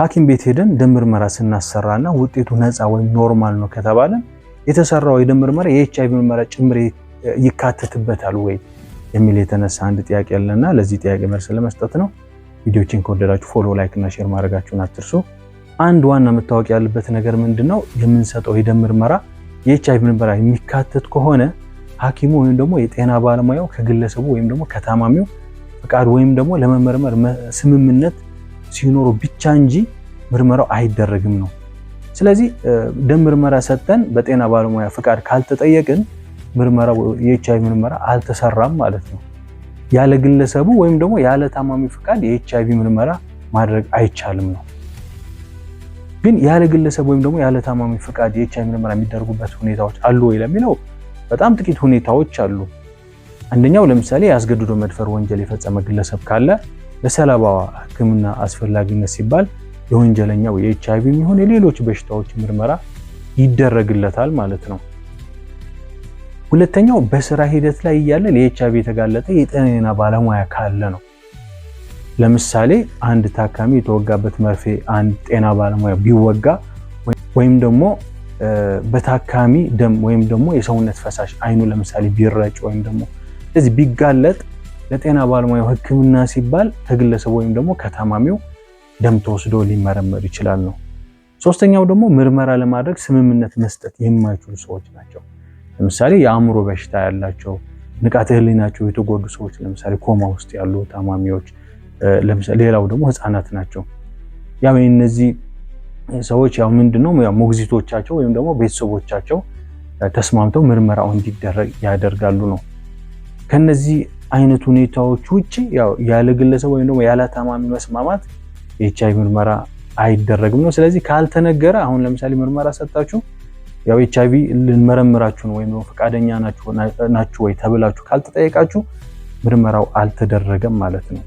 ሐኪም ቤት ሄደን ደም ምርመራ ስናሰራና ውጤቱ ነፃ ወይም ኖርማል ነው ከተባለ የተሰራው የደም ምርመራ የኤች አይቪ ምርመራ ጭምር ይካተትበታል ወይ የሚል የተነሳ አንድ ጥያቄ ያለና ለዚህ ጥያቄ መልስ ለመስጠት ነው። ቪዲዮችን ከወደዳችሁ ፎሎ፣ ላይክ እና ሼር ማድረጋችሁን አትርሱ። አንድ ዋና መታወቅ ያለበት ነገር ምንድነው? የምንሰጠው የደም ምርመራ የኤች አይቪ ምርመራ የሚካተት ከሆነ ሐኪሙ ወይም ደግሞ የጤና ባለሙያው ከግለሰቡ ወይም ደግሞ ከታማሚው ፍቃድ ወይም ደግሞ ለመመርመር ስምምነት ሲኖሩ ብቻ እንጂ ምርመራው አይደረግም ነው። ስለዚህ ደም ምርመራ ሰጠን በጤና ባለሙያ ፍቃድ ካልተጠየቅን ምርመራው የኤች አይቪ ምርመራ አልተሰራም ማለት ነው። ያለ ግለሰቡ ወይም ደግሞ ያለ ታማሚ ፍቃድ የኤች አይቪ ምርመራ ማድረግ አይቻልም ነው። ግን ያለ ግለሰብ ወይም ደግሞ ያለ ታማሚ ፍቃድ የኤች አይቪ ምርመራ የሚደረጉበት ሁኔታዎች አሉ ወይ ለሚለው በጣም ጥቂት ሁኔታዎች አሉ። አንደኛው ለምሳሌ ያስገድዶ መድፈር ወንጀል የፈጸመ ግለሰብ ካለ ለሰለባዋ ሕክምና አስፈላጊነት ሲባል የወንጀለኛው የኤች አይቪ የሚሆን የሌሎች በሽታዎች ምርመራ ይደረግለታል ማለት ነው። ሁለተኛው በስራ ሂደት ላይ እያለ ለኤች አይቪ የተጋለጠ የጤና ባለሙያ ካለ ነው። ለምሳሌ አንድ ታካሚ የተወጋበት መርፌ አንድ ጤና ባለሙያ ቢወጋ ወይም ደግሞ በታካሚ ደም ወይም ደግሞ የሰውነት ፈሳሽ አይኑ ለምሳሌ ቢረጭ ወይም ደግሞ እዚህ ቢጋለጥ ለጤና ባለሙያው ህክምና ሲባል ከግለሰብ ወይም ደግሞ ከታማሚው ደም ተወስዶ ሊመረመር ይችላል ነው። ሶስተኛው ደግሞ ምርመራ ለማድረግ ስምምነት መስጠት የማይችሉ ሰዎች ናቸው። ለምሳሌ የአእምሮ በሽታ ያላቸው፣ ንቃተ ህሊናቸው የተጎዱ ሰዎች፣ ለምሳሌ ኮማ ውስጥ ያሉ ታማሚዎች፣ ሌላው ደግሞ ህፃናት ናቸው። ያው እነዚህ ሰዎች ያው ምንድነው ሞግዚቶቻቸው ወይም ደግሞ ቤተሰቦቻቸው ተስማምተው ምርመራው እንዲደረግ ያደርጋሉ ነው። ከነዚህ አይነት ሁኔታዎች ውጭ ያለ ግለሰብ ወይም ደግሞ ያለ ታማሚ መስማማት ኤች አይ ምርመራ አይደረግም ነው። ስለዚህ ካልተነገረ አሁን ለምሳሌ ምርመራ ሰጣችሁ ያው ኤች አይቪ ልንመረምራችሁ ነው ወይም ፈቃደኛ ናችሁ ወይ ተብላችሁ ካልተጠየቃችሁ ምርመራው አልተደረገም ማለት ነው።